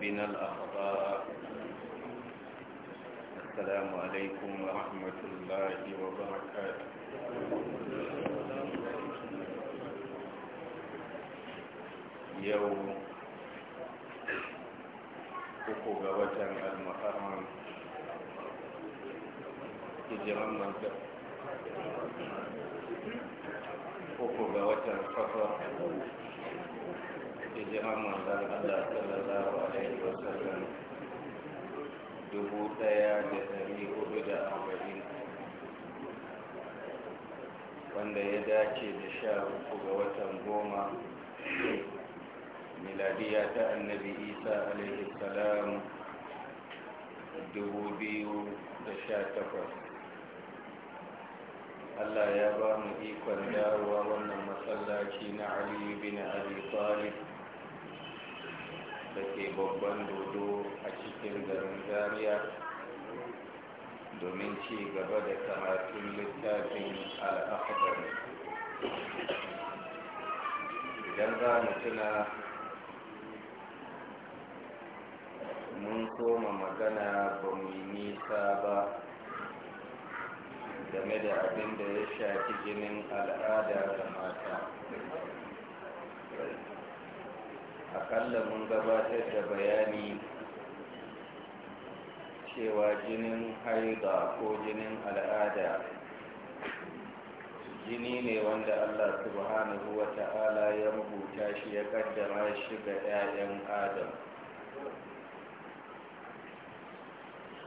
بنا الأخطاء السلام عليكم ورحمة الله وبركاته يوم حقوق وجه المحرم تجرم من تقوم حقوق وجه الحفر hijiran manzan Allah sallallahu alaihi wasallam dubu daya da dari hudu da arba'in wanda ya dace da sha uku ga watan goma miladiya ta annabi isa alaihi salam dubu biyu da sha takwas Allah ya ba mu ikon dawowa wannan masallaci na Ali bin Abi Talib da ke babban dodo a cikin garin zariya domin ci gaba da karatun littafin al'akbar idan za mu tuna mun koma magana ba mu nisa ba game da abin da ya shafi jinin al'ada ga mata akalla mun gabatar da bayani cewa jinin haida ko jinin al'ada jini ne wanda allah subhanahu wa ta'ala ya rubuta shi ya kaddara shi ga 'ya'yan adam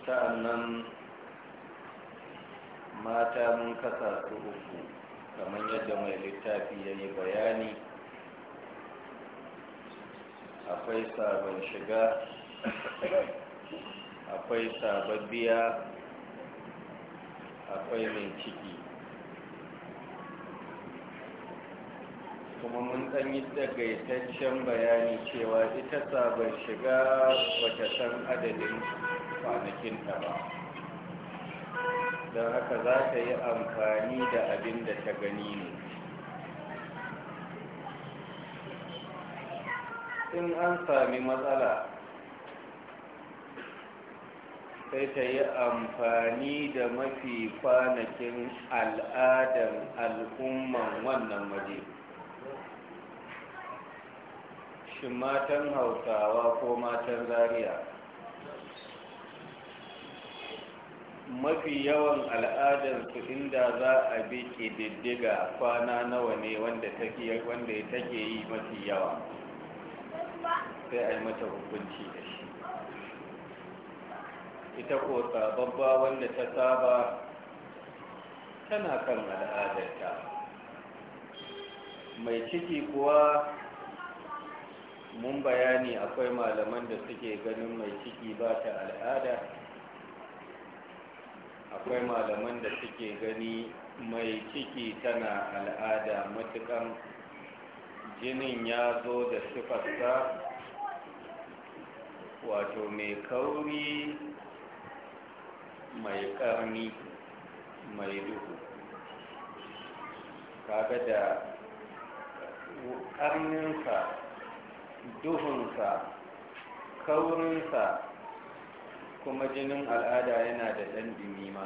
sa'annan mata mun kasa su uku kamar yadda mai littafi ya yi bayani akwai sabon shiga akwai sababbiya akwai mai ciki kuma mun ɗan yi tsagaitaccen bayani cewa ita sabon shiga wata san adadin kwanakinta ba don haka za ta yi amfani da abin da ta gani ne in an sami matsala sai ta yi amfani da mafi kwanakin al'adar al'umman wannan waje shi matan hausawa ko matan zariya mafi yawan al'adarsu inda za a bi ƙididdiga kwana nawa ne wanda take yi mafi yawa sai a yi mata hukunci da shi ita ko sababba wanda ta saba tana kan al'adarta mai ciki kuwa mun bayani akwai malaman da suke ganin mai ciki ba ta al'ada akwai malaman da suke gani mai ciki tana al'ada matukan jinin ya zo da sifarsa wato mai kauri mai karni mai duhu kaga da karninsa duhunsa kaurinsa kuma jinin al'ada yana da ɗan ma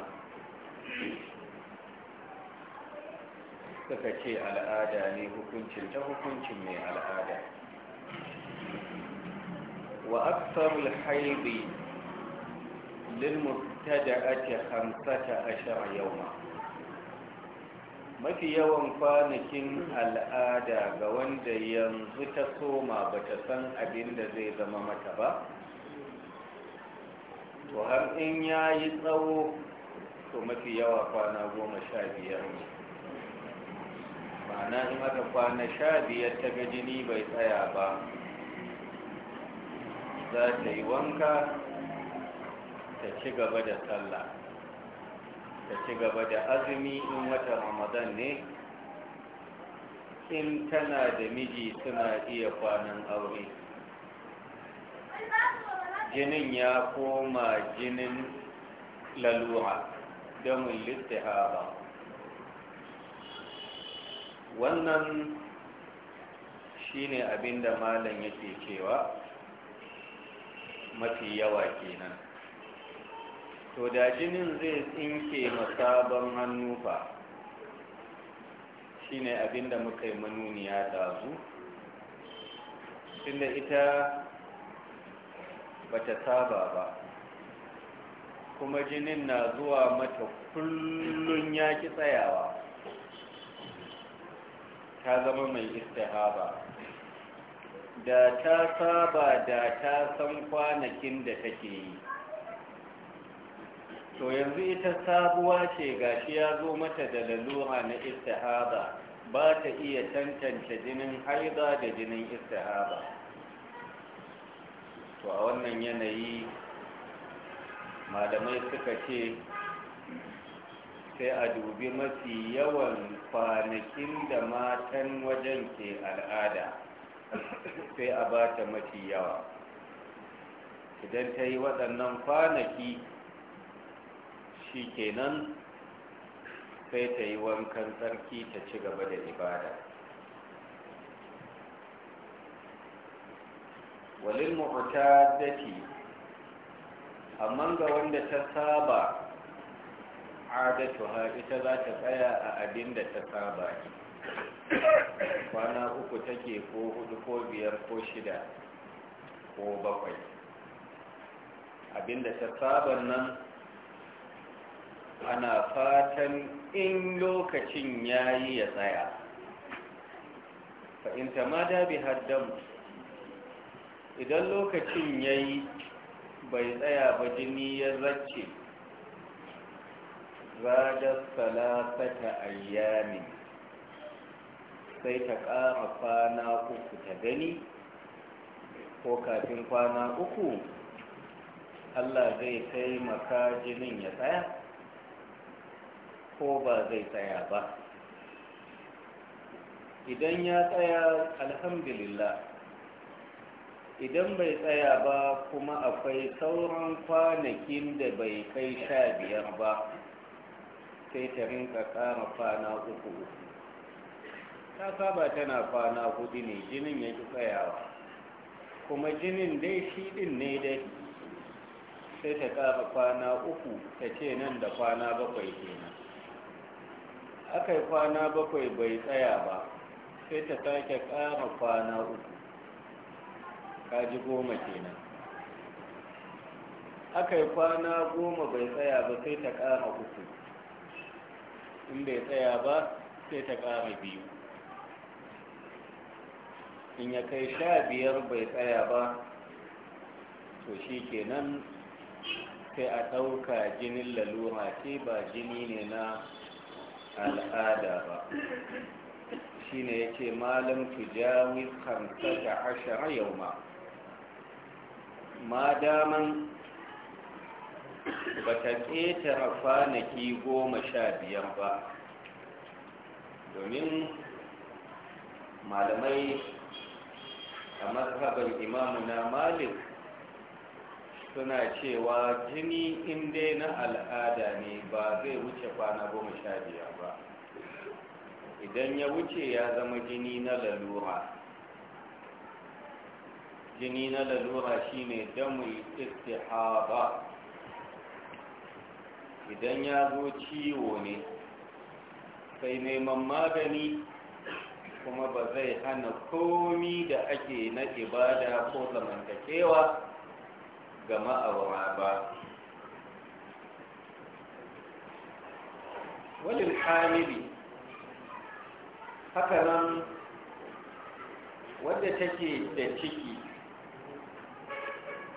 suka ce al'ada ne hukuncin ta hukuncin mai al'ada wa aksarul haibi lilmubtada'ati hamsata ashara yawma mafi yawan kwanakin al'ada ga wanda yanzu ta soma ba ta san abin da zai zama mata ba to har in ya yi tsawo to mafi yawa kwana goma sha biyar ne ma'ana in aka kwana sha biyar ta ga jini bai tsaya ba za ta yi wanka ta ci gaba da sallah ta ci gaba da azumi in wata ramadan ne in tana da miji suna iya kwanan aure jinin ya koma jinin lalura damin littihara wannan shine abinda malam yake cewa mafi yawa kenan to da jinin zai tsinke sabon hannu fa shine abinda muka yi manuniya dazu tunda ita bata saba ba kuma jinin na zuwa mata kullun ya ki tsayawa ta zama mai istihaba da ta saba da ta san kwanakin da take yi to yanzu ita sabuwa ce gashi ya zo mata da lalura na istihaba ba ta iya tantance jinin haida da jinin istihaba to a wannan yanayi malamai suka ce sai a dubi mafi yawan kwanakin da matan wajen ke al'ada sai a ba ta mafi yawa idan ta yi waɗannan kwanaki shi kenan sai ta yi wankan tsarki ta ci gaba da ibada walin mu'tadati amma ga wanda ta saba adatuha ita za ta tsaya a abin da ta saba ne kwana uku take ko hudu ko biyar ko shida ko bakwai abin da ta saba nan ana fatan in lokacin yi ya tsaya fa'in ta ma dabi haddamu. idan lokacin yayi bai tsaya ba jini ya zace zadar salasata ayyamin sai ta ƙara kwana uku ta gani ko kafin kwana uku allah zai kai maka jinin ya tsaya ko ba zai tsaya ba idan ya tsaya alhamdulillah idan bai tsaya ba kuma akwai sauran kwanakin da bai kai sha biyar ba sai ta rinka fana kwana uku ta saba tana kwana hudu ne jinin ya ki tsayawa kuma jinin dai shi ɗin ne dai sai ta ƙara kwana uku ta ce nan da kwana bakwai kenan aka yi kwana bakwai bai tsaya ba sai ta sake ƙara kwana uku kaji goma kenan aka yi kwana goma bai tsaya ba sai ta kama uku in bai tsaya ba sai ta ƙara biyu in ya kai sha biyar bai tsaya ba to shi kenan sai a ɗauka jinin lalura ce ba jini ne na al'ada ba shi ne ya ce malam tujawi hamsa da ashara yau ma ma daman ba ta ƙetara kwanaki goma sha biyar ba domin malamai a mazhabar na malik suna cewa jini inda na al'ada ne ba zai wuce kwana goma sha biyar ba idan ya wuce ya zama jini na lalura jini na lalura shine damul istihaba idan ya zo ciwo ne sai neman magani kuma ba zai hana komi da ake na ibada ko zamantakewa ga ma'aura ba wajen hamili haka nan wadda take da ciki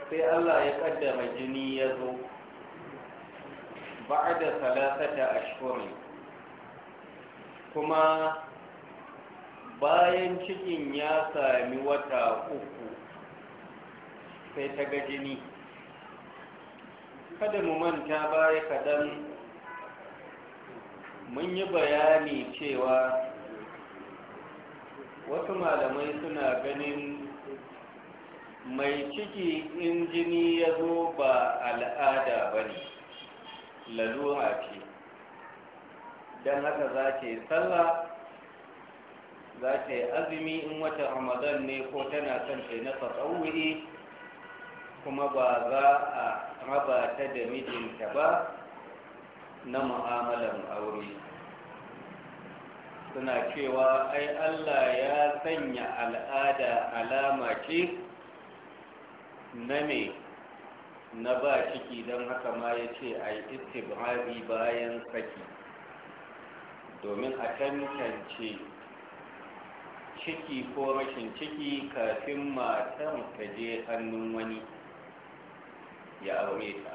sai allah ya kaddama jini ya zo da salasata ashhurin kuma bayan cikin ya sami wata uku sai ta ga jini kada mu manta baya kadan mun yi bayani cewa wasu malamai suna ganin mai ciki in jini ya zo ba al'ada ba ne lalura ce don haka za ta yi sallah za ta yi azumi in wata ramadan ne ko tana son ta na tsawuri kuma ba za a raba ta da mijinta ba na mu'amalan aure suna cewa ai allah ya sanya al'ada alama ce na mai na ba ciki don haka ma ya ce a yi istibari bayan saki domin a tantance ciki ko rashin ciki kafin matan ta je hannun wani ya aure ta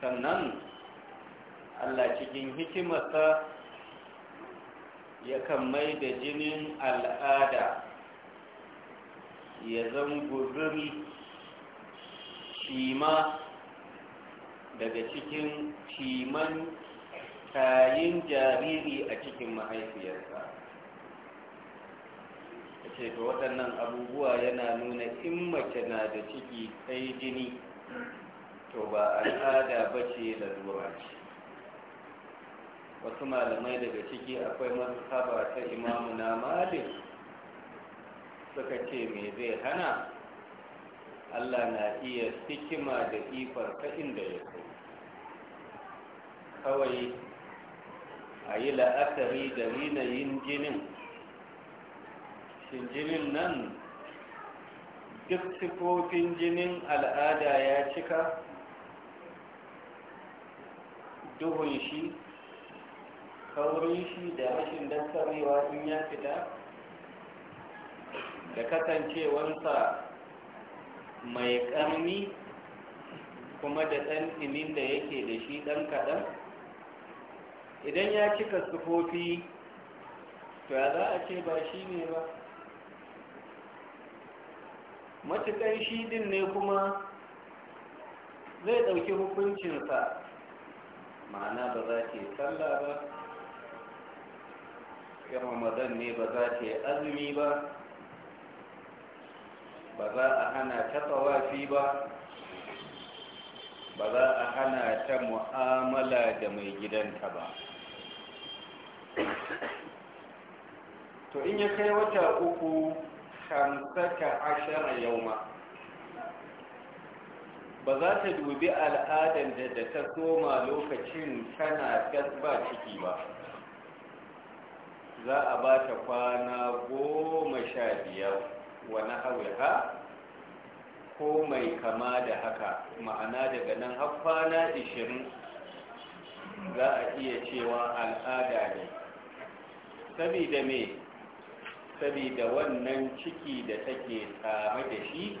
sannan allah cikin hikimarsa yakan mai da jinin al'ada ya zan guzuri Tima daga cikin timan kayin jariri a cikin mahaifiyarsa a ce ta waɗannan abubuwa yana nuna in mace na da ciki kai jini to ba al'ada ba ce lalura ce wasu malamai daga ciki akwai mazhaba ta imamu na malin suka ce me zai hana Allah na iya hikima da ifar ta inda ya kai kawai a yi la'akari da yanayin jinin shin jinin nan duk sifofin jinin al'ada ya cika duhun shi kaurin shi da rashin dantarewa in ya fita da kasancewansa mai ƙarni kuma da ɗan ɗimin da yake da shi ɗan kaɗan idan ya cika sufofi to ya za a ce ba shi ne ba matuƙar shi ɗin ne kuma zai ɗauki hukuncinsa ma'ana ba za ta yi sallah ba yan ramadan ne ba za ta azumi ba ba za a hana ta tsawafi ba ba za a hana ta mu'amala da mai gidanta ba to in ya kai wata uku ashirin yau ma. ba za ta dubi al'adar da ta soma lokacin tana gasba ciki ba za a ba ta kwana goma sha biyar wa na'awiha ko mai kama da haka ma'ana daga nan har kwana 20 za a iya cewa al'ada ne saboda me saboda wannan ciki da take tsame da shi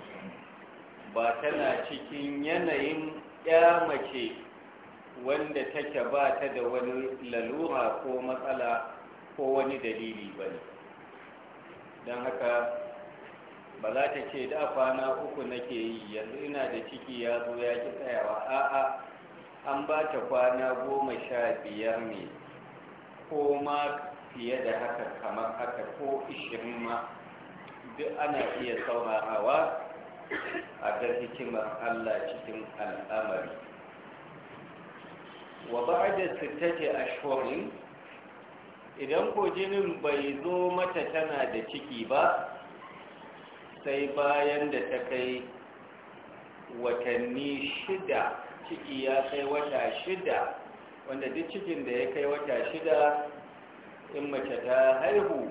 ba tana cikin yanayin ya mace wanda take ba ta da wani lalura ko matsala ko wani dalili ba ne don haka ba za ta ce da kwana uku nake yi yanzu ina da ciki ya zo ya ki tsayawa a'a an ba ta kwana goma sha biyar ne ko ma fiye da haka kamar haka ko ishirin ma duk ana iya saurarawa a ga hikimar allah cikin al'amari wa ba da sittake shorin? idan ko jinin bai zo mata tana da ciki ba sai bayan da ta kai watanni shida ciki ya kai wata shida wanda duk cikin da ya kai wata shida in mace ta haihu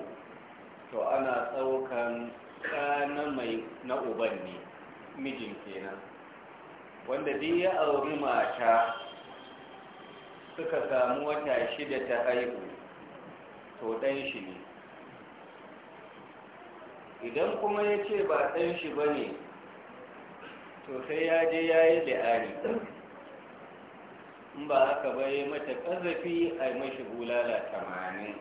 to ana tsaukan ɗana mai na uban ne mijin kenan wanda duk ya auri mata suka samu wata shida ta haihu to ɗan shi ne idan kuma ya ce ba ɗan shi ba ne to sai ya je ya yi li'ari in ba aka bai mata ƙazafi a mashi bulala tamanin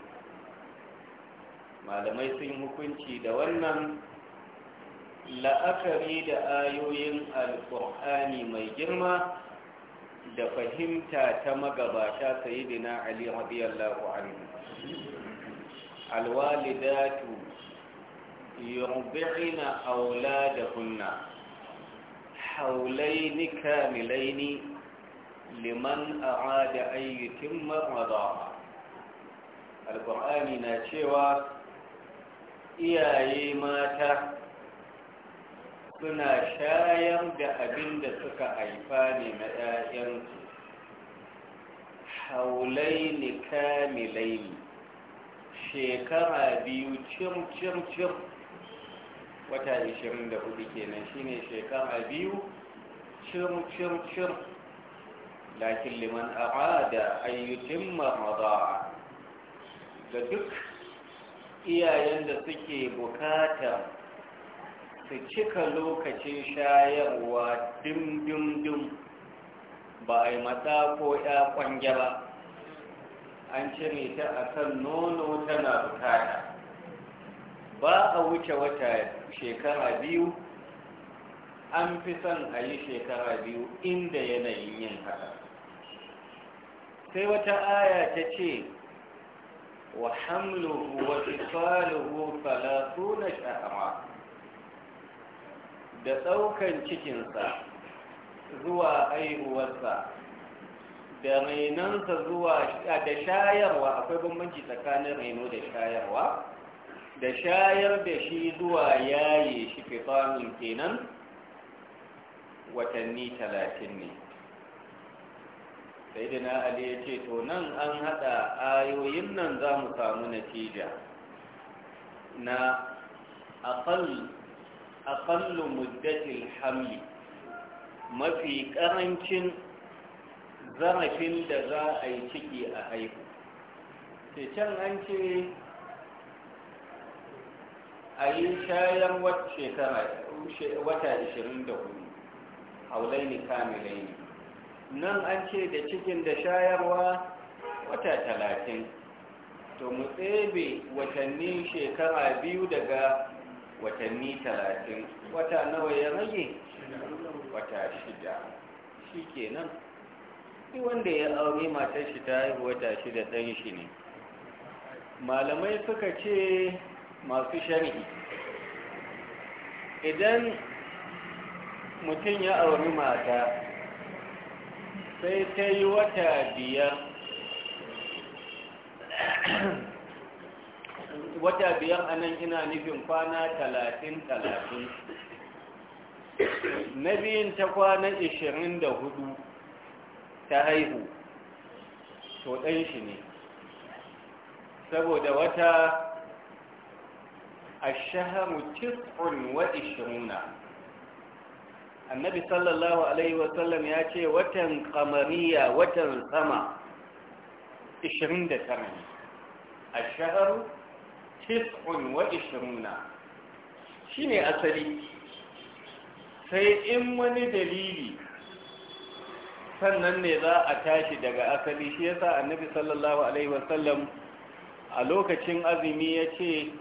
malamai sun hukunci da wannan la'akari da ayoyin alƙur'ani mai girma da fahimta ta magabata sayidina ali radiyallahu anhu alwalidatu يرضعن أولادهن حولين كاملين لمن أراد أن يتم الرضاعة القرآن cewa iyaye mata suna shayar da abinda suka haifa ne na 'ya'yansu haulai ne kamilai shekara biyu cim wata 24 kenan shine shekara biyu shir shir shir lakin liman arada an yutimma rada'a ga duk iyayen da suke bukatar su cika lokacin shayarwa dim-dim-dim ba a yi mata ko ya kwanja ba an cire ta a kan nono tana bukata ba a wuce wata shekara biyu an fi son a yi shekara biyu inda yanayin yin haka sai wata aya ta ce wa hamluhu wa tsaluhu falasuna shahara da ɗaukan cikinsa zuwa aihuwarsa da rainonsa zuwa da shayarwa akwai bambanci tsakanin raino da shayarwa da shayar da shi zuwa yaye shi fitanun kenan watanni talatin ne sai dina ali ya ce to nan an haɗa ayoyin nan za mu samu natija na akallu muddatil hamli mafi ƙarancin zarafin da za a yi ciki a haihu ce can an ce a yi shayar shekara wata 24 haulaini kamilaini nan an ce da cikin da shayarwa wata talatin to mu tsebe watanni shekara biyu daga watanni talatin wata nawa ya rage wata shida shi kenan shi wanda ya aure matar shi ta yi wata shida ɗan shi ne malamai suka ce masu shari'i idan mutum ya auri mata sai ta yi wata biyar wata biyar a nan ina nufin kwana talatin talatin na biyun ta kwana ishirin da hudu ta haihu to ɗan shi ne saboda wata الشهر تسع وعشرون النبي صلى الله عليه وسلم ياتي وتن قمرية وتن سما عشرين دسرين الشهر تسع وعشرون شيني أسري sai in wani dalili sannan ne za a tashi daga asali shi yasa annabi sallallahu a lokacin azumi ya ce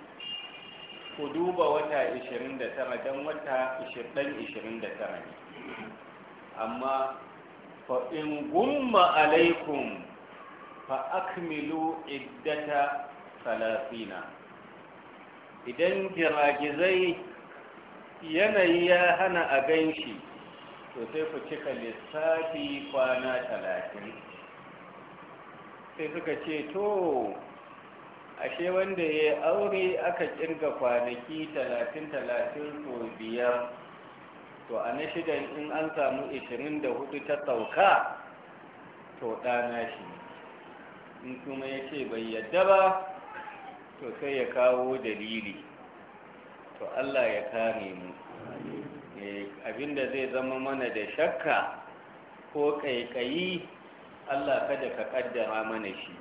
ku duba wata 29 don wata 29 ne amma in gumma alaikum fa akmilu iddata salafina idan giragizai yanayi ya hana a gan shi to sai ku cika lissafi kwana talatin sai suka ce to ashe wanda ya aure aka kirga kwanaki talatin talatin ko biyar to a na shidan in an samu ishirin da hudu ta sauka to ɗana shi in kuma ya ce bai yadda ba to sai ya kawo dalili to allah ya kare mu eh, da zai zama mana da shakka ko kaikayi allah kada ka kaddara mana shi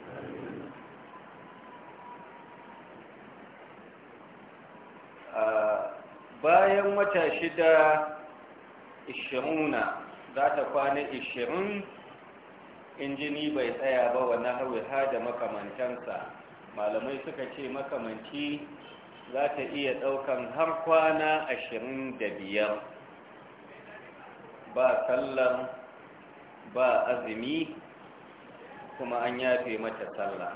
bayan wata shida ishiruna za ta kwana ishirin injini bai tsaya ba na hauwa hada makamantansa malamai suka ce makamanci za ta iya ɗaukan har kwana ashirin da biyar ba sallar ba azumi kuma an yafe mata sallah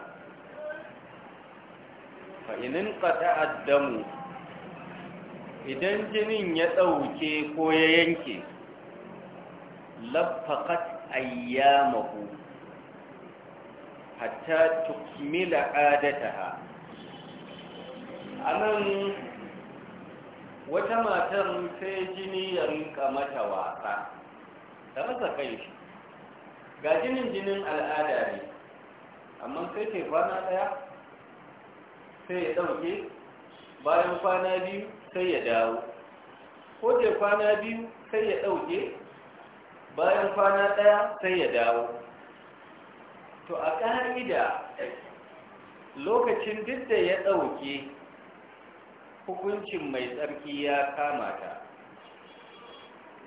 fa'inin ƙata addamu idan jinin ya ɗauke ko ya yanke laffaƙat ayyamahu hatta tukmila adataha a nan wata matar sai jini ya rinka mata wasa ta rasa kai shi ga jinin jinin al'ada ne amma sai ke kwana daya sai ya ɗauke bayan kwana biyu sai ya dawo ko da kwana biyu sai ya ɗauke bayan kwana ɗaya sai ya dawo to a ƙa'ida lokacin duk da ya ɗauke hukuncin mai tsarki ya kama ta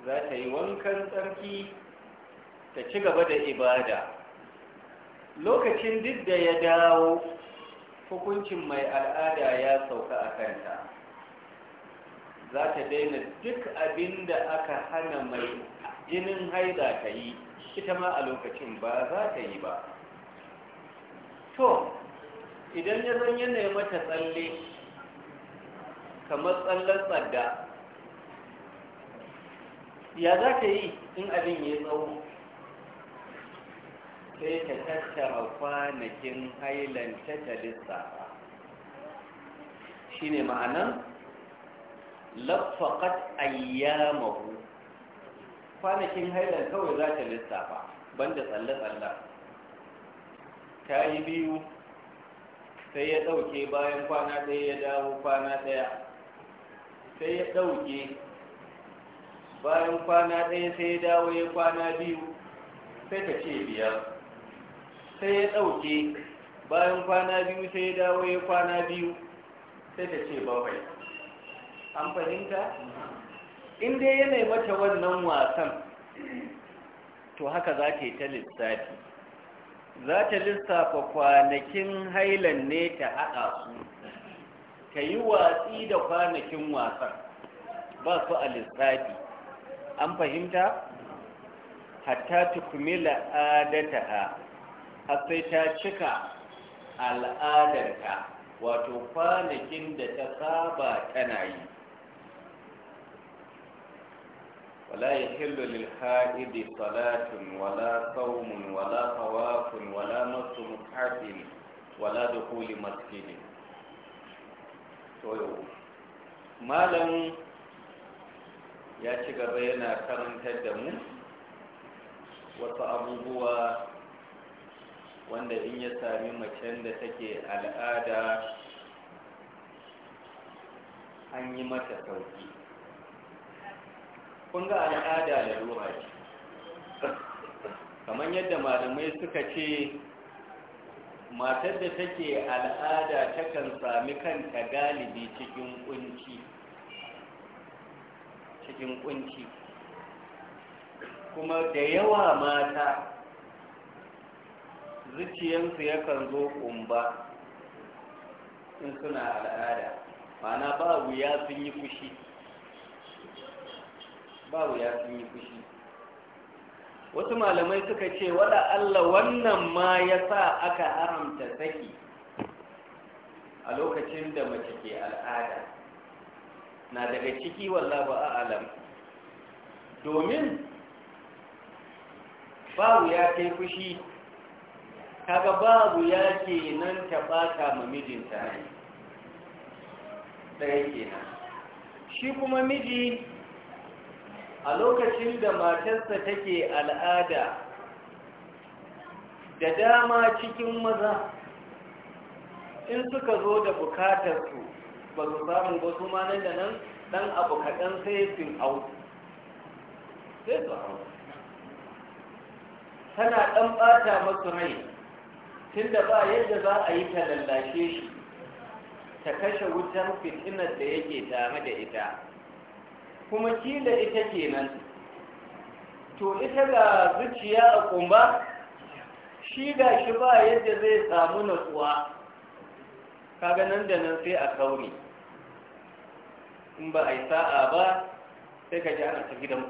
za ta yi wankan tsarki ta ci gaba da ibada lokacin duk da ya dawo hukuncin mai al'ada ya sauka a kanta za ta daina duk abin da aka hana mai jinin haida ta yi ita ma a lokacin ba za ta yi ba to idan ya zan yanayi mata tsalle kamar tsallar tsada. ya za ta yi in abin ya tsawo sai ta tattara kwanakin hailan ta lissafa shine ma'anan laffaqat ayyamahu kwanakin hailan kawai za ta lissafa banda tsalle-tsalle ta yi biyu sai ya ɗauke bayan kwana ɗaya ya dawo kwana ɗaya sai ya ɗauke bayan kwana ɗaya sai ya dawo ya kwana biyu sai ta ce biyar sai ya ɗauke bayan kwana biyu sai ya dawo ya kwana biyu sai ta ce bakwai an fahimta inda nai mata wannan wasan to haka za ta yi ta lissafi za ta lissafa kwanakin hailan ne ta haɗa su ta yi watsi da kwanakin wasan ba su a lissafi an fahimta hatta tukumila adata ha A sai ta cika al'adarka wato kwanakin da ta saba tana yi wala ya hillu lil haidi salatun wala saumun wala tawafun wala masu muhafin wala da masjidin to malam ya ci gaba yana karantar da mu wasu abubuwa wanda in ya sami macen da take al'ada an yi mata sauki kun ga al'ada da ruwa ce kamar yadda malamai suka ce matar da take al'ada takan sami kanta galibi cikin kunci cikin kunci kuma da yawa mata zuciyarsu yakan zo kumba in suna al'ada mana ba wuya sun yi fushi ba wuya sun yi fushi wasu malamai suka ce wada Allah wannan ma ya sa aka haramta saki a lokacin da mace ke al'ada na daga ciki walla ba a alam domin ba wuya kai fushi kaga babu ya ke nan ta ɓata ma mijinta ne ɗaya nan shi kuma miji a lokacin da matarsa take al'ada da dama cikin maza in suka zo da bukatarsu ba su samu ba su ma nan da nan ɗan abu kaɗan sai sun hau sai su hau tana ɗan ɓata masu rai tunda ba yadda za a yi ta lallashe shi ta kashe wutar fitinar da yake tare da ita kuma kila ita kenan to ita ga zuciya a kumba shi ga shi ba yadda zai samu natsuwa kaga nan da nan sai a kauri in ba a yi sa'a ba sai ka ji ana ta gidan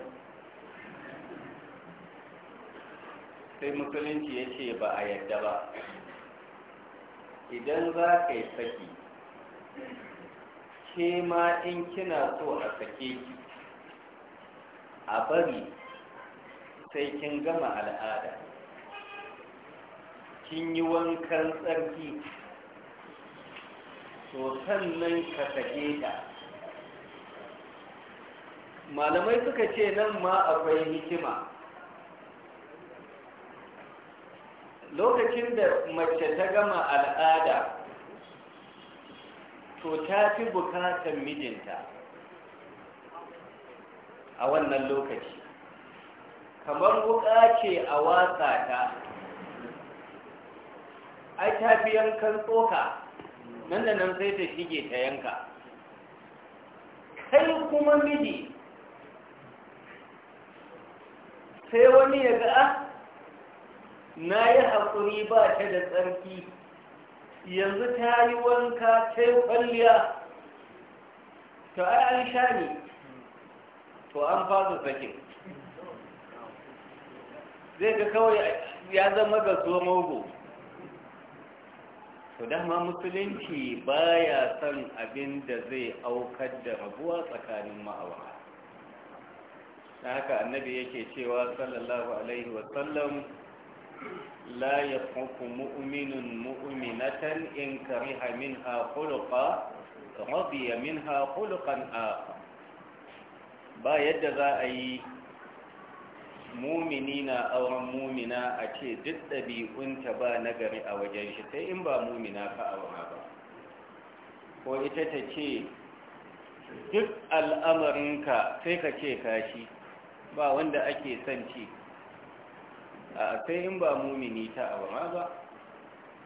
sai musulunci ya ce ba a yadda ba idan za ka yi saki ke ma in kina so a sake ki a bari sai kin gama al'ada kin yi wankan tsarki to sannan ka sake ta malamai suka ce nan ma akwai hikima lokacin da mace ta gama al'ada to ta fi bukatar mijinta a wannan lokaci kamar wuka ce a watsa ta ai ta fi yankan tsoka nan da nan sai ta shige ta yanka kai kuma miji sai wani ya ga ah, na yi haƙuri ba ta da tsarki yanzu ta yi wanka ta yi kwalliya to ai an sha to an fasa sakin zai ga kawai ya zama ga zuwa mago to dama musulunci baya son abin da zai aukar da rabuwa tsakanin ma'awa haka annabi yake cewa sallallahu alaihi wasallam Laifukan mu'uminun mu'ummatan in ka riƙa min haƙuru ƙara ka magiya min haƙuru ƙara ka ɓata. Ba yadda za a yi. Mummini na auren mummuna a ce, duk ɗabi'unta ba nagari a wajen shi sai in ba mummuna ka aura ba. Ko ita ta ce duk al'amarin ka, sai ka ce ka shi, ba wanda ake san ci. a sai in ba mumini ta abu ma ba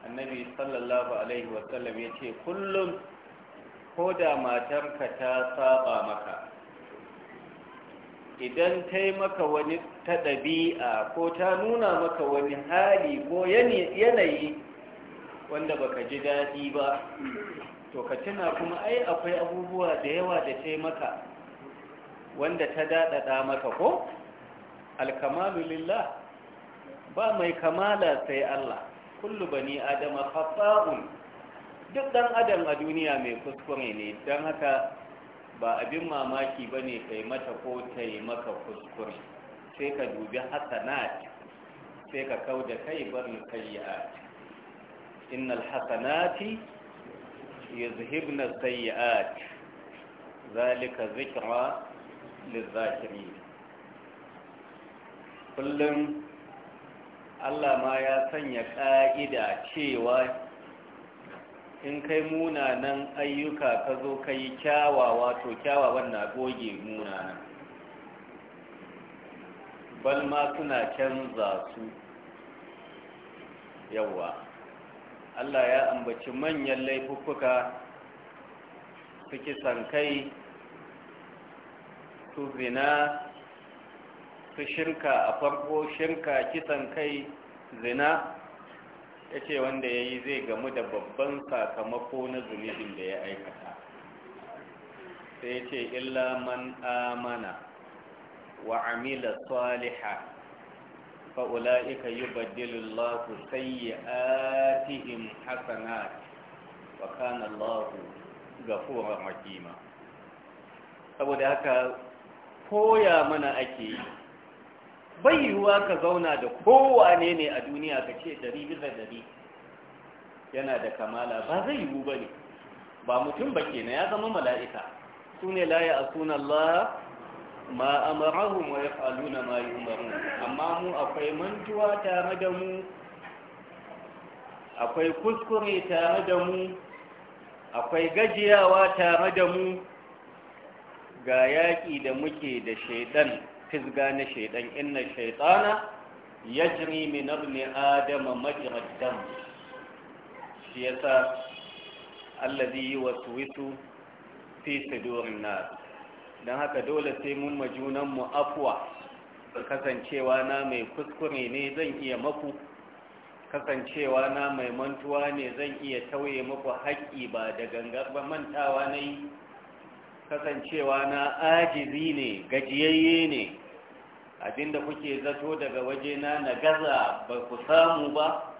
annabi sallallahu alaihi wasallam ya ce kullum ko da matarka ta saba maka idan ta maka wani ta ɗabi'a ko ta nuna maka wani hali ko yanayi wanda baka ji daɗi ba to ka tuna kuma ai akwai abubuwa da yawa da ta maka wanda ta daɗaɗa maka ko alkamalu lillah ba mai kamala sai Allah kullu bani adama khata'un duk dan adam a duniya mai kuskure ne dan haka ba abin mamaki bane kai mata ko tai maka kuskure sai ka dubi hasanat sai ka kauda kai barin sayyi'at innal hasanati yuzhibna sayyi'at zalika zikra lizakirin kullum Allah ma ya sanya ƙa'ida cewa in kai munanan ayyuka ka zo ka yi kyawawa to kyawawan na goge munanan Balma suna canza su yawa Allah ya ambaci manyan laifufuka su kisan kai su zina su shirka a farko shirka kisan kai zina ya ce wanda ya yi zai gamu da babban sakamako na zunubin da ya aikata sai ce illa man amana wa amila saliha fa'ula'ika yi baddilin lafi a tihin hasanat wa kana lafi gafura makima saboda haka koya mana ake yi bai yiwuwa ka zauna da kowane ne a duniya ka ce dari bisa dari yana da kamala ba zai yiwu ba ne ba mutum ba ke na ya zama mala'ika su ne laye a sunan Allah ma amarahun ya na ma yi amma mu akwai mantuwa tare da mu akwai kuskure tare da mu akwai gajiyawa tare da mu ga yaƙi da muke da shaidan fisga na shaidan inna shaitana jiri min ibni adama majrad dam ya yasa allazi yuwaswisu fi sudurin na Don haka dole sai mun majunan mu afwa kasancewa na mai kuskure ne zan iya maku kasancewa na mai mantuwa ne zan iya tauye maku haƙƙi ba da gangar ba mantawa na yi kasancewa na ajizi ne gajiyayye ne abinda kuke zato daga waje na gaza ba ku samu ba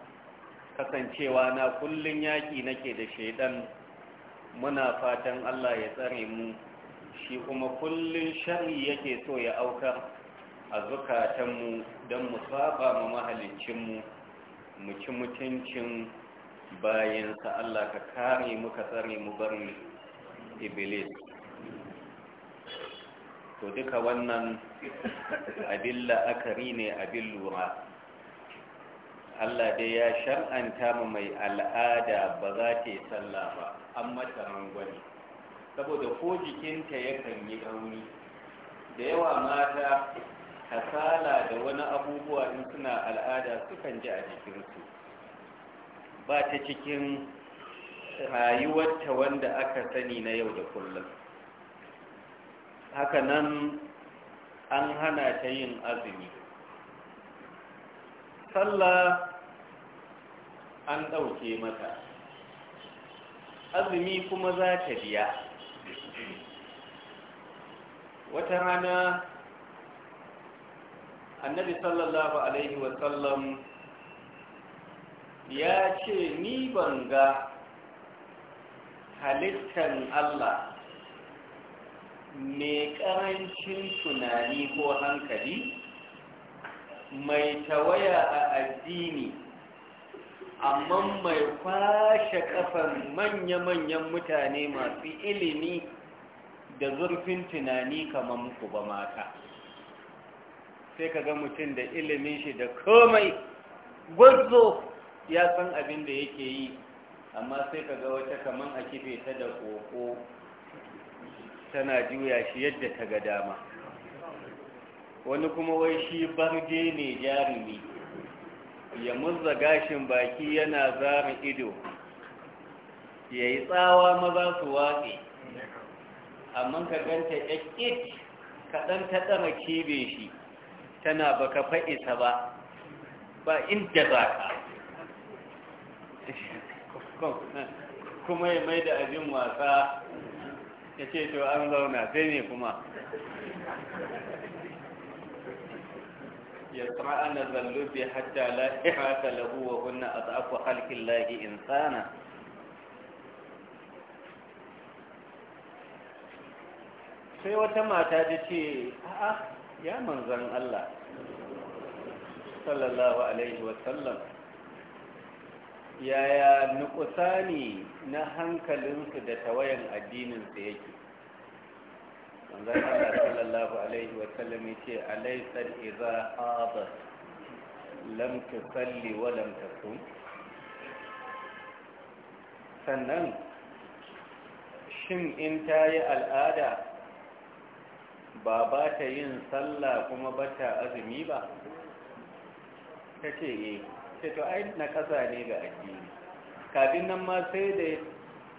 kasancewa na kullun yaƙi nake da shaidan muna fatan Allah ya tsare mu shi kuma kullun shari yake so ya aukar a zukatanmu don mu saba ma mahalicinmu mu ci mutuncin bayansa Allah ka kare mu ka tsare mu barin iblis to duka wannan abin la'akari ne abin lura Allah dai ya shar'anta mu mai al'ada ba za ta yi sallah ba an mata rangwani saboda ko jikinta yakan yi rauni da yawa mata kasala da wani abubuwa in suna al'ada sukan ji a jikinsu ba ta cikin rayuwarta wanda aka sani na yau da kullum haka nan an hana ta yin azumi sallah an ɗauke mata azumi kuma za ta biya wata rana annabi sallallahu alaihi wasallam ya ce ni ban ga halittan Allah mai ƙarancin tunani ko hankali mai tawaya a addini amma mai kwashe kafan manya-manyan mutane masu ilimi da zurfin tunani kamar muku ba mata sai ka ga mutum da ilimin shi da komai gwazo ya san abin da yake yi amma sai ka ga wata kamar a kife ta da koko tana juya shi yadda ta ga dama wani kuma wai shi barge ne jarumi ya murza gashin baki yana zara ido ya yi tsawa maza su watsi amma ka ganta ƙyaƙƙit kaɗan ta tsara kebe shi tana baka fa'isa ba ba inda za ka kuma ya mai da abin wasa ya ce to an zauna sai ne kuma ya tsara ana zallubi hatta la ta lahu wa kunna azafu halkin lahi insana sai wata mata ta ce a'a ya manzan Allah sallallahu alaihi wasallam yaya nukusani na hankalinsu da tawayan addininsu yake wanzan Allah sallallahu alaihi wasallam ya ce alaisar iza haɗar lamta tusalli wa lamta sun sannan shin in ta yi al'ada ba ba ta yin sallah kuma ba ta azumi ba ta ce eh ce to ai na kasa ne ga addini kafin nan ma sai da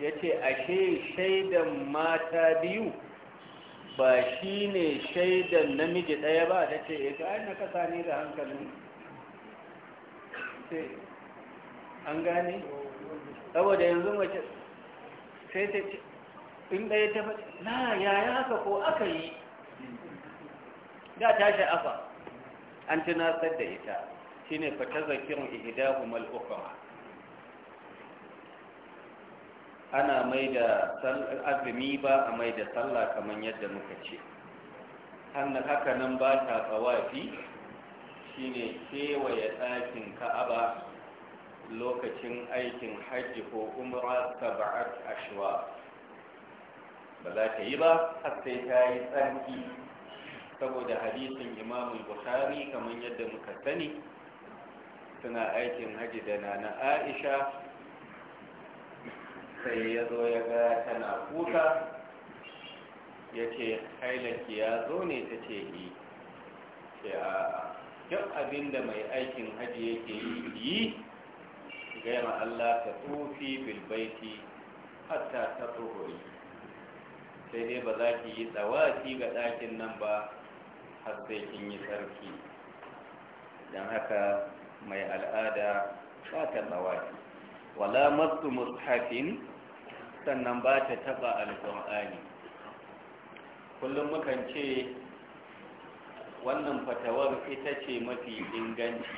ya ce ashe shaidan mata biyu ba shi ne shaidan namiji ɗaya ba ta ce ya eh, ai na kasa ne ga hankalin an gane saboda yanzu mace sai ta ce in ɗaya ta faɗi na yaya haka ko aka yi da ta sha'afa an tunasar da ita shine fa tazakirun ihdahum ukhra ana mai da azumi ba a mai da sallah kaman yadda muka ce hannan haka nan ba ta tsawafi shine kewaye ɗakin ka'aba lokacin aikin hajji ko umra sab'at ashwa ba za ta yi ba har sai ta yi tsarki saboda hadisin imamu bukhari kaman yadda muka sani suna aikin haji da nana aisha sai ya zo ya ga tana kuka ya ce hailaki ya zo ne ta ce yi ce a duk abinda mai aikin haji yake yi gaira Allah ta tsofi bilbaiti hatta ta tsohori sai dai ba za ki yi tsawaki ga ɗakin nan ba har sai kin yi sarki don haka mai al'ada ba ta wala masu mushafin sannan ba ta taba alƙur'ani kullum mukan ce wannan fatawar ita ce mafi inganci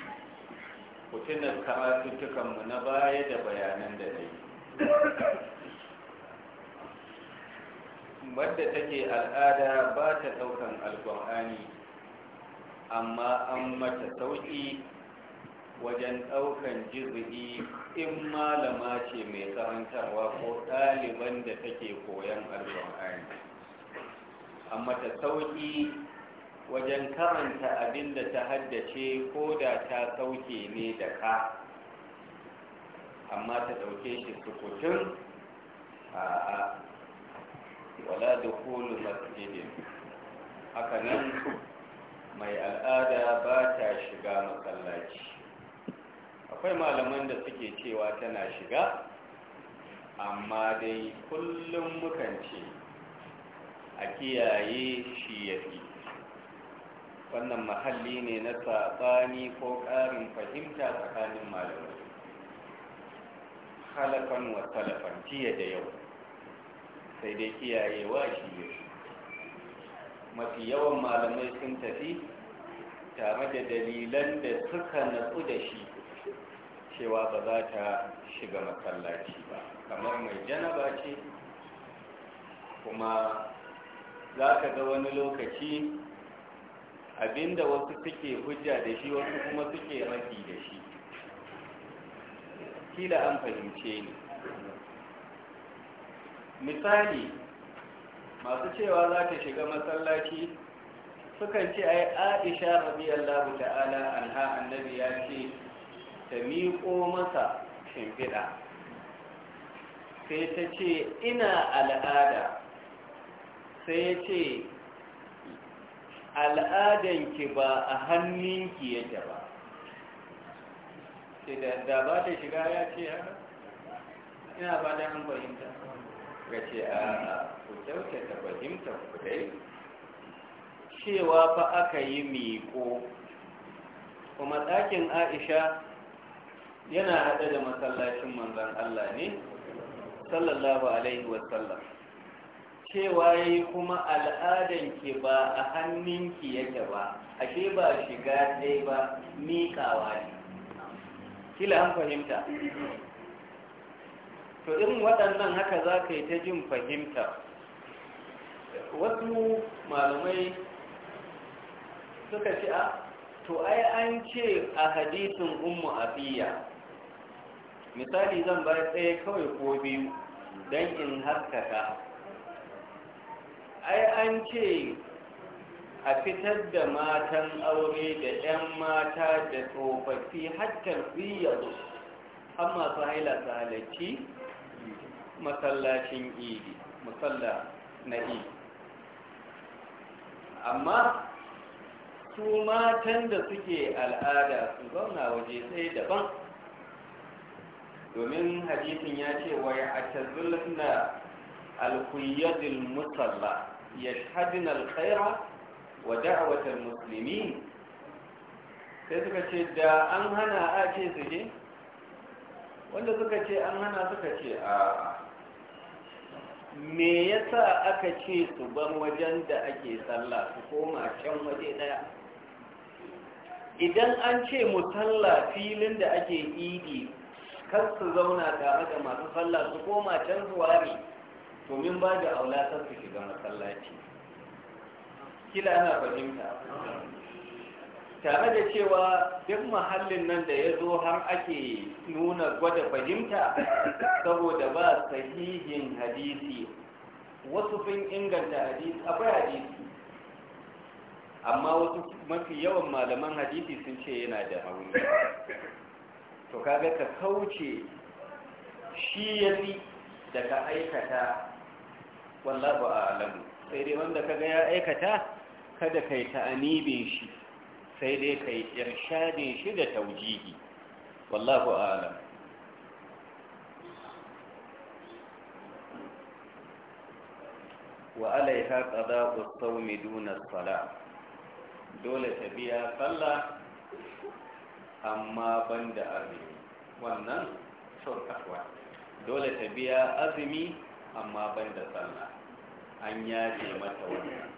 ku karatuntukanmu na baya da bayanan da dai wadda take al'ada ba ta ɗaukan alƙur'ani amma an mata sauƙi wajen ɗaukan jirgi in malama ce mai karantarwa ko ɗaliban da take koyon alƙur'ani amma ta sauƙi wajen karanta abin da ta haddace ko da ta sauke ne da ka amma ta ɗauke shi sukutun a wala da kulu masjidin haka nan mai al'ada ba ta shiga masallaci akwai malaman da suke cewa tana shiga amma dai kullum mukan ce a kiyaye shi ya fi wannan mahalli ne na saɓani ko ƙarin fahimta tsakanin malamai halafan wa talafan jiya da yau sai dai kiyayewa shi ya fi mafi yawan malamai sun tafi tare da dalilan da suka natsu da shi cewa ba za ta shiga masallaci ba kamar mai janaba ce kuma za ka ga wani lokaci abinda wasu suke hujja da shi wasu kuma suke rafi da shi kila an fahimce ne. misali masu cewa za ta shiga masallaci sukan ce ai aisha rabiyallahu ta'ala anha annabi ya ce ta miƙo masa shimfiɗa sai ta ce ina al'ada sai ya ce al'adanki ba a hannunki yake ba sai da ba ta shiga ya ce haka ina ba da an fahimta ga ce a ku kyautata fahimta ku dai cewa fa aka yi miƙo kuma ɗakin aisha yana haɗe da masallacin manzan Allah ne sallallahu alaihi wasallam cewa yi kuma al'adanki ba a hannunki yake ba ashe ba shiga ɗaya ba miƙawa ne kila an fahimta to din waɗannan haka za ka yi ta jin fahimta wasu malamai suka ci a to ai an ce a hadisin ummu abiya misali zan bar ɗaya kawai ko biyu don in haskaka ai an ce a fitar da matan aure da 'yan mata da tsofaffi hattar biyazo an masu haila su halarci masallacin idi na idi amma su matan da suke al'ada su zauna waje sai daban domin hadisin ya ce wa ya atazulna alkuyyadul musalla ya shahadin alkhaira wa da'awatar musulmi sai suka ce da an hana a ce su je wanda suka ce an hana suka ce a me yasa aka ce su ban wajen da ake sallah su koma can waje daya idan an ce mutalla filin da ake idi kar su zauna tare da masu sallah su koma can zuwa to min ba da aula sa su shiga masallaci kila ana fahimta tare da cewa duk mahallin nan da ya zo har ake nuna gwada fahimta saboda ba sahihin hadisi wasu sun inganta hadisi akwai hadisi amma wasu mafi yawan malaman hadisi sun ce yana da hauni to kaga ka kauce shi ya fi da ka aikata wallahu a'lamu sai dai wanda kaga ya aikata kada kai ta'anibin shi sai dai kai irshadin shi da taujihi wallahu a'lamu wa alaiha qada'u as duna as dole ta biya sallah amma ban da azumi wannan shortcuwa dole ta biya azumi amma ban da tsalla. an yaje mata wannan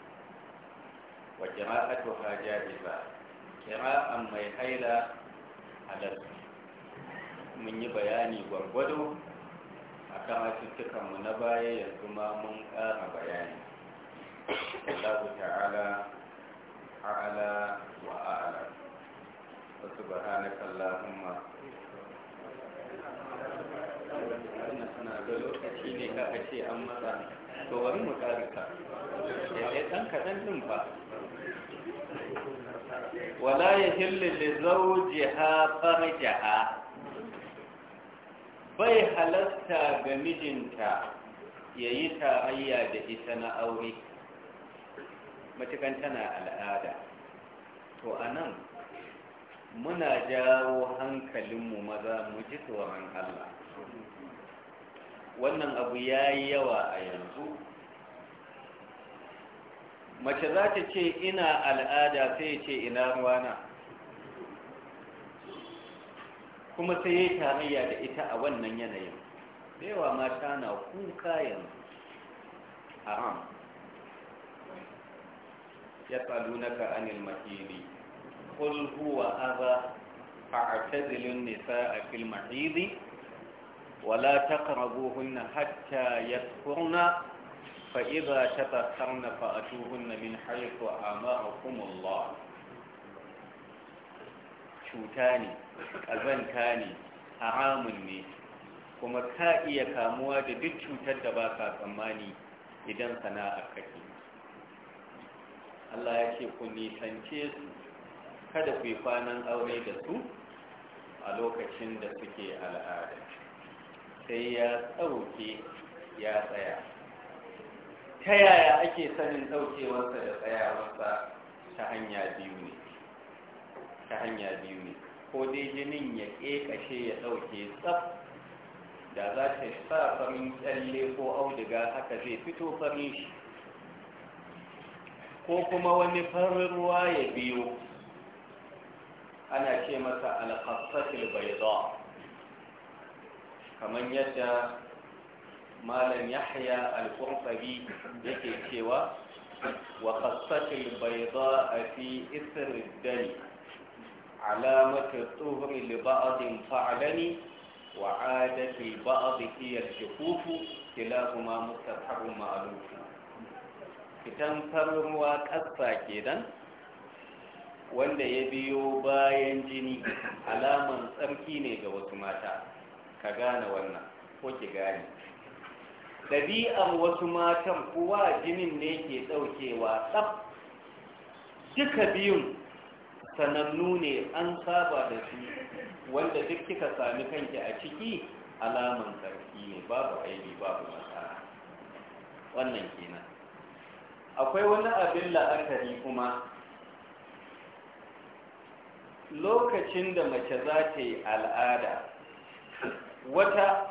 wa qira'atu Kira an mai haila halal mun yi bayani gwargwado a cututtukan mu na baya yanzu ma mun ƙara bayani Allah ta'ala a'ala wa a'ala وسبحانك اللهم da lokaci ne ka ce an matsa to bari mu karika ya ɗaya ɗan kaɗan ɗin ba wala ya hillu li zawjiha farjaha bai halatta ga mijinta ya yi tarayya da ita na aure matukan tana al'ada to anan muna jawo hankalinmu maza mu ji tsoron Allah wannan abu ya yi yawa a yanzu mace za ta ce ina al'ada sai ce ina ruwana kuma sai ya tarayya da ita a wannan yanayin yawa mata na kuka yanzu haram ya tsalunaka anil mahimmi قل هو أذى فاعتزل النساء في المحيض ولا تقربوهن حتى يذكرن فإذا تذكرن فأتوهن من حيث أمركم الله cutani ƙazanta ne haramun ne kuma ka iya kamuwa da duk cutar da ba ka tsammani idan sana'a kake Allah ya ce ku kada ku yi kwanan aure da su a lokacin da suke al'ada sai ya tsauke ya tsaya ta yaya ake sanin ɗaukewarsa da tsayawarsa ta hanya biyu ne ta hanya biyu ne ko dai jinin ya ƙeƙashe ya tsauke tsaf da za ta sa farin tsalle ko auduga haka zai fito farin shi ko kuma wani farin ruwa ya biyo ana ce masa alƙasatil baiza kamar yadda malam yahya al-qurtubi yake cewa wa qassatil bayda fi isr ad-dali alamatu tuhri li ba'din fa'lani wa 'adati ba'd hiya al-shukuf kilahuma mustahabun ma'luf fitan sarruwa qassa kenan wanda ya biyo bayan jini alaman tsarki ne ga wasu mata ka gane wannan ko ki gane Ɗabi'ar wasu matan kuwa jinin ne ke ɗaukewa tsaf duka biyun sanannu ne an saba da su wanda duk kika sami kanki a ciki alaman tsarki ne babu aibi babu matsala wannan kenan akwai wani abin la'akari kuma lokacin da mace za ta yi al'ada wata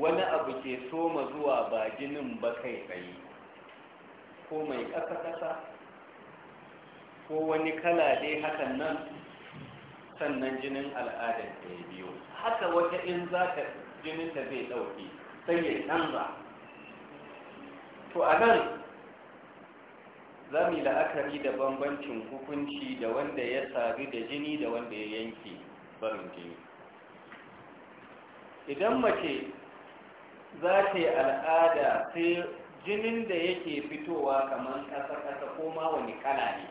wani abu ke soma zuwa ba jinin ba kai tsaye ko mai ƙasa-ƙasa ko wani kala dai hakan nan sannan jinin al'adar ta yi biyo haka wata in za ta jininta zai ɗauki sai ya canza to a nan za mu yi la'akari da bambancin hukunci da wanda ya sabi da jini da wanda ya yanke barin jini idan mace za ta yi al'ada sai jinin da yake fitowa kamar ƙasa-ƙasa ko ma wani kala ne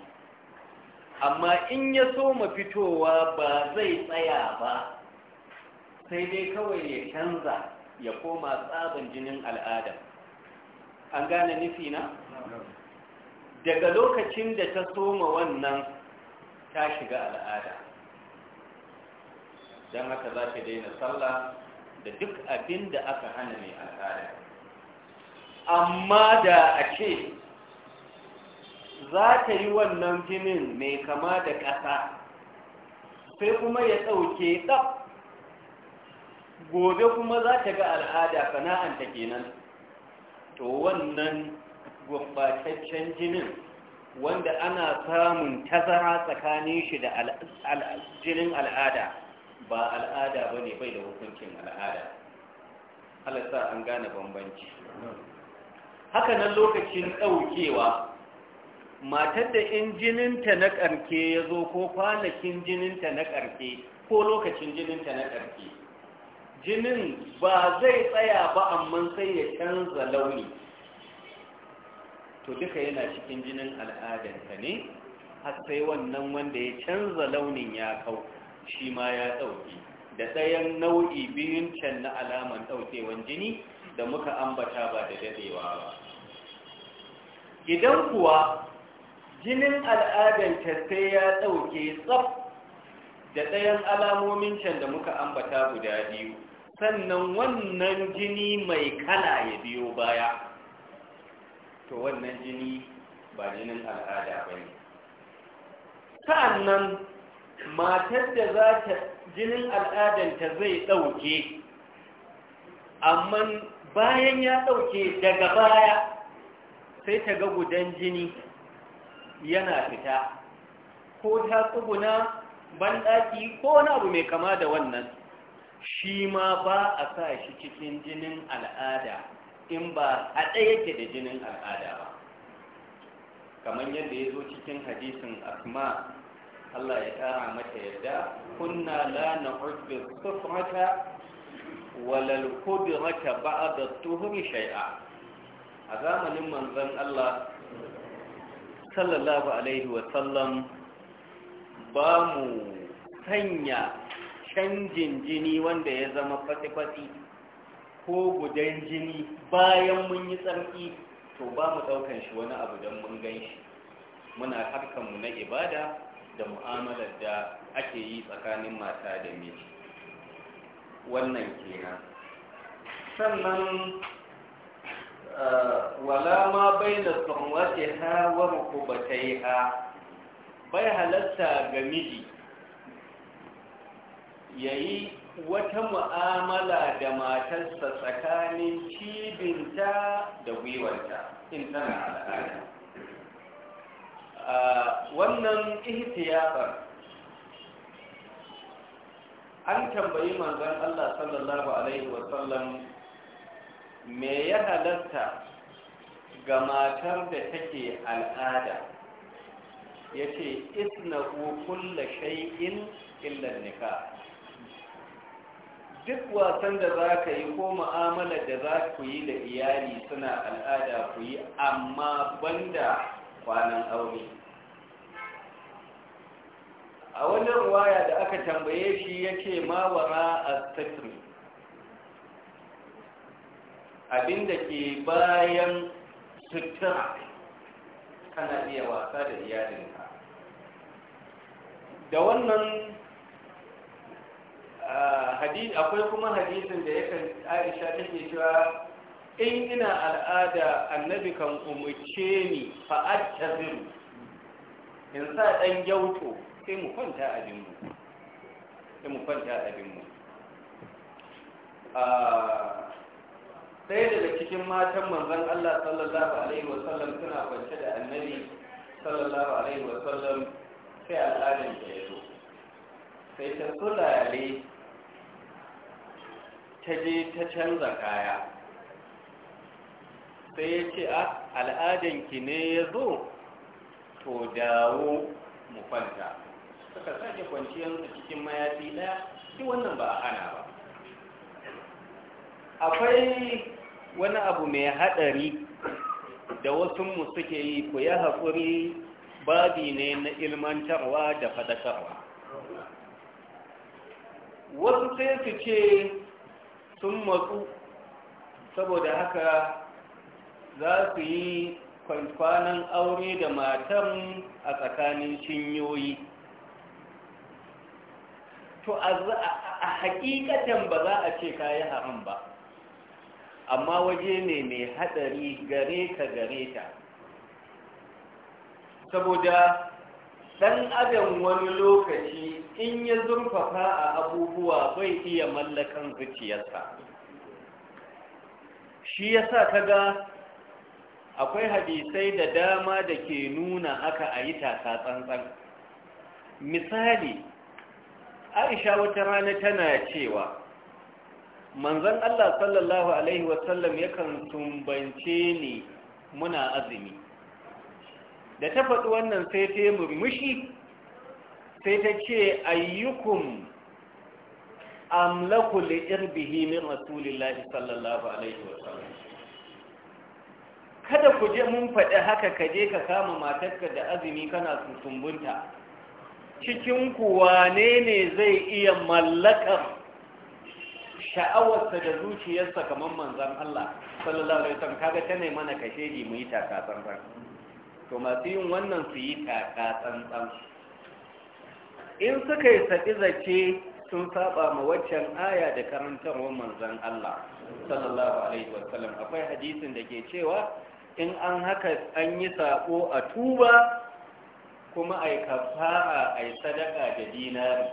amma in ya soma fitowa ba zai tsaya ba sai dai kawai ya canza ya koma tsabin jinin al'ada. an gane nufi na? daga lokacin da ta soma wannan ta shiga al'ada don haka za ta daina sallah da duk abin da aka hana mai al'ada amma da a ce za ta yi wannan jinin mai kama da ƙasa sai kuma ya ɗauke ɗaf gobe kuma za ta ga al'ada sana'anta kenan to wannan gurbataccen jinin wanda ana samun tazara tsakanin shi da jinin al'ada ba al'ada ba ne bai da hukuncin al'ada halasta an gane bambanci haka nan lokacin ɗaukewa matar da in jininta na ƙarfe ya zo ko kwanakin jininta na ƙarfe ko lokacin jininta na karke jinin ba zai tsaya ba amma sai ya canza launi to duka yana cikin jinin al'adarka ne har sai wannan wanda ya canza launin ya kau shi ma ya ɗauki da tsayan nau'i biyun can na alaman ɗaukewan jini da muka ambata ba da daɗewa ba idan kuwa jinin al'adarka sai ya ɗauke tsaf da ɗayan alamomin can da muka ambata guda biyu sannan wannan jini mai kala ya biyo baya to wannan jini ba jinin al'ada ba ne sa'annan matar da za ta jinin al'adanta zai ɗauke amma bayan ya ɗauke daga baya sai ta ga gudan jini yana fita ko ta tsuguna banɗaki ko wani abu mai kama da wannan shi ma ba a sa shi cikin jinin al'ada in ba a ɗaya yake da jinin al'ada ba kamar yadda ya zo cikin hadisin asma Allah ya ƙara mata yadda kunna la na'uddu sufrata walal a da tuhuri shai'a? a zamanin manzan Allah sallallahu alaihi wa sallam ba mu sanya canjin jini wanda ya zama fati-fati ko gudan jini bayan mun yi tsarki to ba mu ɗaukan shi wani abu don mun gan shi muna mu na ibada da mu'amalar da ake yi tsakanin mata da miji wannan kenan sannan eh, wala ma bai da tsanwace ha wa yi ha bai halatta ga miji ya yi wata mu'amala da matarsa tsakanin cibinta da gwiwarta in tana al'ada ah, wannan ihtiyabar an tambayi manzon Allah sallallahu alaihi wasallam me ya halatta ga matar da take al'ada ya ce isna kulle shaiin illan nikah duk wasan da za ka yi ko mu'amala da za ku yi da iyali suna al'ada ku yi amma banda kwanan aure a wannan ruwaya da aka tambaye shi ya ce mawara a statin abinda ke bayan sutura kana iya wasa da iyalinka da wannan akwai kuma hadisin da yakan Aisha take cewa in ina al'ada annabi kan umuce ni ta ajtazim in sa ɗan yauto sai mu kwanta abin mu sai mu kwanta abin sai daga cikin matan manzan Allah sallallahu alaihi wasallam suna kwance da annabi sallallahu alaihi wasallam sai al'adar ta yazo sai ta ya ta je ta canza kaya sai ya ce a ah, al'adanki ne ya zo to dawo mu kwanta suka sake kwanciyarsu cikin mayafi ɗaya shi wannan ba a hana ba akwai wani abu mai haɗari da wasunmu suke yi ku ya haƙuri babi ne na ilmantarwa da fadakarwa wasu sai su ce sun matsu saboda haka za su yi kwanfanan aure da matan a tsakanin shinyoyi to a hakikatan ba za a ce kayi haram ba amma waje ne mai haɗari gare ka gare ta saboda dan adam wani lokaci in ya zurfafa a abubuwa bai iya mallakan zuciyarsa shi yasa kaga akwai hadisai da dama da ke nuna aka a yi tasa tsantsan misali aisha wata rana tana cewa manzon Allah sallallahu alaihi wasallam yakan sumbance ni muna azumi da ta faɗi wannan sai ta yi murmushi sai ta ce ayyukum amlaku irbihi min rasulillahi sallallahu alaihi wa sallam kada ku je mun faɗi haka ka je ka kama matarka da azumi kana sumbunta. cikin wane ne zai iya mallakar sha'awarsa da zuciyarsa kamar manzan Allah sallallahu alaihi sallam kaga ta ne mana kashe ji mu yi takasansa to masu yin wannan su yi kaka tsantsan in suka yi saɗi zace sun saba ma waccan aya da wa manzan Allah sallallahu alaihi wasallam akwai hadisin da ke cewa in an haka an yi saƙo a tuba kuma ai kafara ai sadaka da dinari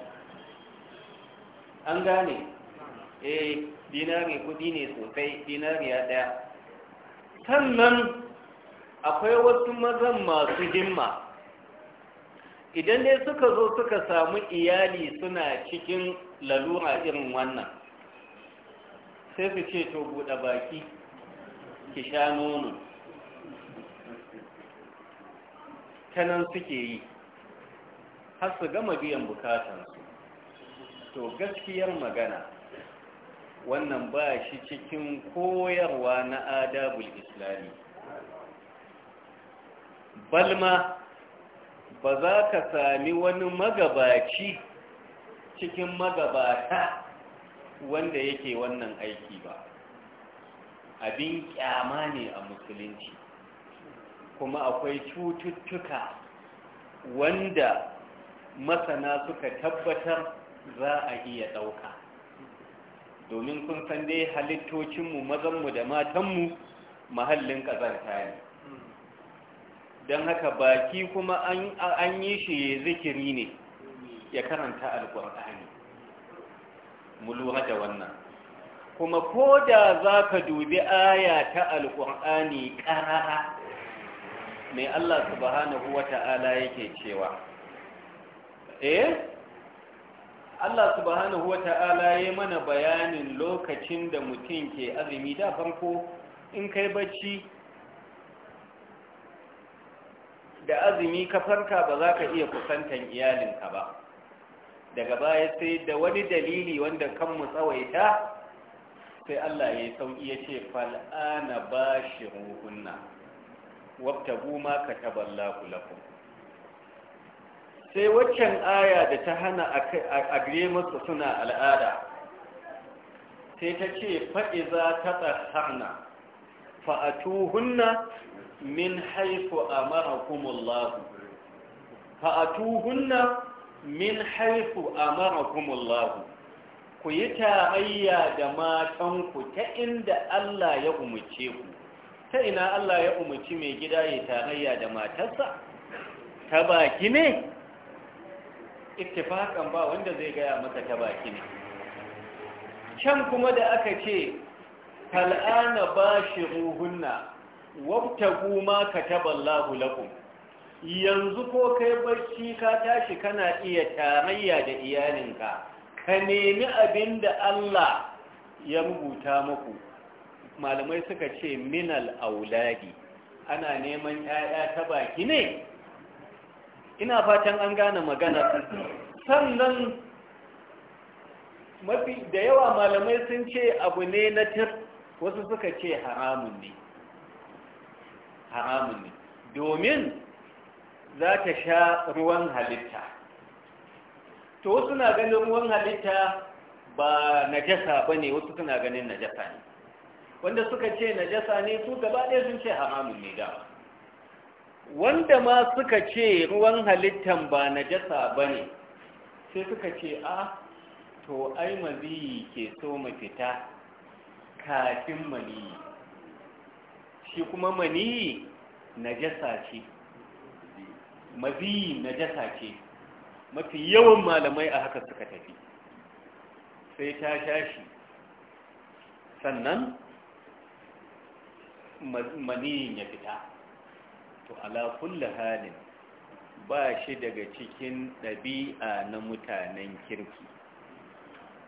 an gane eh dinari kudi ne sosai dinari ya daya sannan akwai wasu mazan masu himma idan dai suka zo suka samu iyali suna cikin lalura irin wannan sai su ce to buɗe baki ki sha nono ta nan suke yi har su gama biyan bukatansu to gaskiyar magana wannan ba shi cikin koyarwa na adabul islami balma ba za ka sami wani magabaci cikin magabata wanda yake wannan aiki ba abin kyama ne a musulunci kuma akwai cututtuka wanda masana suka tabbatar za a iya ɗauka domin kun san dai halittocinmu mazanmu da matanmu mahallin ƙazanta ne don haka baki kuma an yi shi zikiri ne ya karanta alƙur'ani mu lura da wannan kuma ko da za ka dubi aya ta alƙur'ani ƙarara mai Allah subhanahu wa ta'ala yake cewa eh Allah subhanahu wa ta'ala ya mana bayanin lokacin da mutum ke azumi da farko in kai bacci da azumi ka farka ba za ka iya kusantan iyalinka ba daga baya sai da wani dalili wanda kan mu tsawaita sai Allah ya yi sauƙi ya ce fal'ana ba shi ruhunna wabtabu ma ka taballa lakum sai waccan aya da ta hana a gare masu suna al'ada sai ta ce fa'iza ta tsarna fa'atuhunna min haifu amarakumullahu tuhunna min haifu amarakumullahu ku yi tarayya da matanku ta inda Allah ya umarce ku ta ina Allah ya umarci mai gida ya tarayya da matarsa ta baki ne ittifakan ba wanda zai gaya maka ta baki ne can kuma da aka ce kal'ana bashi ruhunna wabtagu ma kataballahu lakum yanzu ko kai barci ka tashi kana iya tarayya da iyalinka ka nemi abin da Allah ya rubuta muku malamai suka ce minal auladi ana neman 'ya'ya ta baki ne ina fatan an gane magana sannan mafi da yawa malamai sun ce abu ne na tir wasu suka ce haramun ne haramun ne domin za ta sha ruwan halitta to wasu na ganin ruwan halitta ba najasa ba ne wasu suna ganin najasa ne wanda suka ce najasa ne su gaba ɗaya sun ce haramun ne dama wanda ma suka ce ruwan halittan ba najasa ba ne sai suka ce a to ai maziyi ke so mafita kafin maniyi shi kuma mani jasa ce na najasa ce mafi yawan malamai a haka suka tafi sai ta shashi sannan Mani ya fita to alakulla halin ba shi daga cikin ɗabi'a na mutanen kirki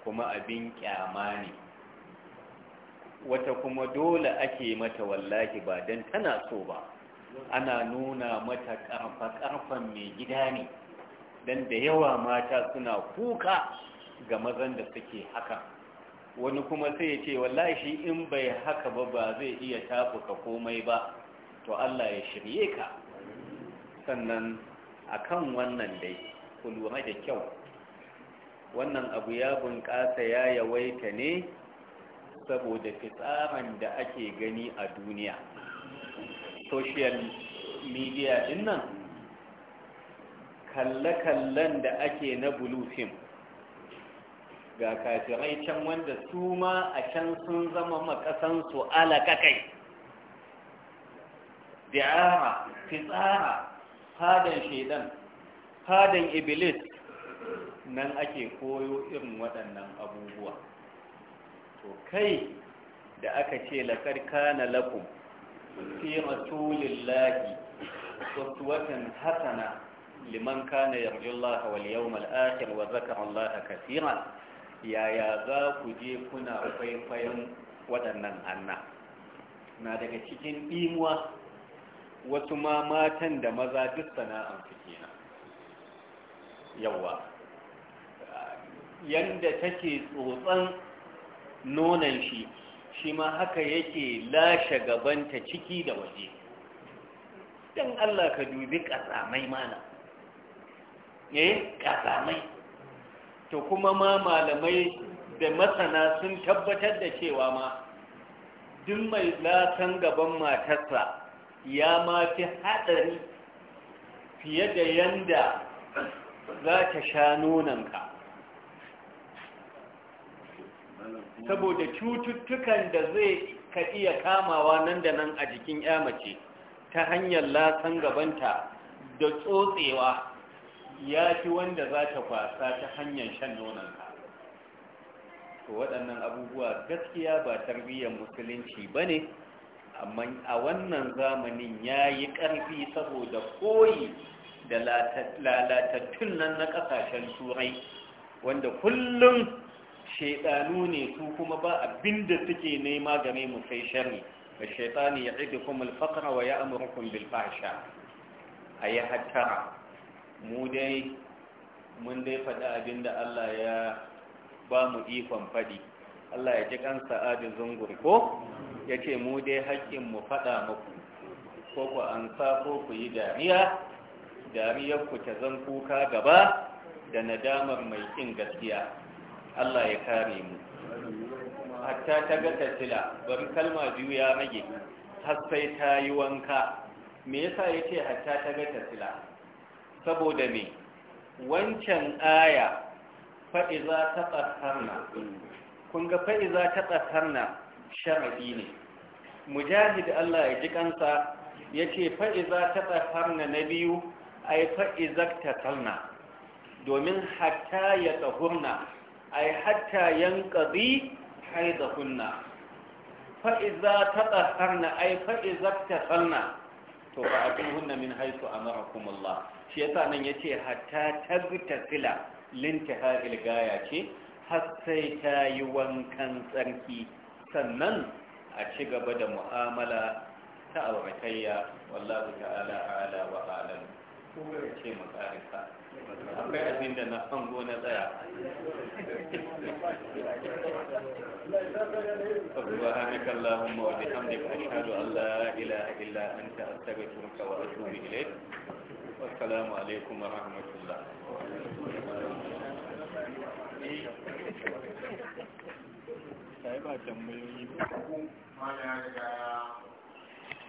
kuma abin kyama ne wata kuma dole ake mata wallahi ba dan tana so ba ana nuna mata ƙarfa-ƙarfan mai gida ne don da yawa mata suna kuka ga mazan da suke haka wani kuma sai ce wallahi in bai haka ba ba zai iya tafuka komai ba to Allah ya shirye ka sannan akan wannan dai ku lura da kyau wannan abu ya bunƙasa ya yawaita ne saboda fitsarin da ake gani a duniya social media din nan kalle-kallen da ake na blue film ga kafirai can wanda su ma a can sun zama makasansu alakakai da'ara fitsara fadan shaidan fadan iblis nan ake koyo irin waɗannan abubuwa to kai da aka ce laƙar kana lakum fi wasu watan hasana liman kana yarjullaha wal yawmal akhir wa zakara allaha kaseeran yaya za ku je kuna faifayen waɗannan hanna na daga cikin ɗimuwa wasu ma matan da maza duk sana'an su kenan yawa yanda take tsotsan nonan shi shi ma haka yake lashe gabanta ciki da waje don Allah ka dubi ƙasamai mana eh ƙasamai to kuma ma malamai da masana sun tabbatar da cewa ma duk mai lasan gaban matarsa ya ma fi haɗari fiye da yanda za ta sha nonanka saboda cututtukan da zai ka iya kamawa nan da nan a jikin mace ta hanyar lasan gabanta da tsotsewa ya fi wanda za ta kwasa ta hanyar shan nonon to waɗannan abubuwa gaskiya ba tarbiyyar musulunci ba ne amma a wannan zamanin ya yi ƙarfi saboda koyi da lalatattun nan na ƙasashen turai wanda kullum shaidanu ne su kuma ba abinda suke nema game mu sai sharri da shaitani ya idu kuma alfakara wa ya amurkun bilfasha a yi hattara mu dai mun dai faɗi abinda allah ya ba mu ikon faɗi allah ya ji kan sa'adu zungur ko ya ce mu dai haƙƙin mu faɗa muku ko ku an sa ko ku yi dariya dariyar ku ta zan kuka gaba da nadamar mai ƙin gaskiya Allah ya kare mu hatta ta ga tasila bari kalma biyu ya rage har sai ta yi wanka me yasa yace hatta ta ga tasila saboda me wancan aya fa'iza ta tsarna kun ga fa'iza ta tsarna sharadi ne mujahid Allah ya ji kansa ya ce iza ta tsarna na biyu ai fa'iza ta tsarna domin hatta ya tsahurna ay hatta yanqadi haidahunna fa idza tatahharna ay fa idza tatahharna to fa atuhunna min haythu amarakum Allah shi yasa nan yace hatta tagtasila lintaha ilgaya ce har sai ta yi wankan tsarki sannan a ci gaba da mu'amala ta auratayya wallahu ta'ala ala wa alam ya ce mu karisa akwai da na san gona tsaya abuwa hannukan lahun mawadi hamdi allah wa wasu bihilai wasalamu alaikum wa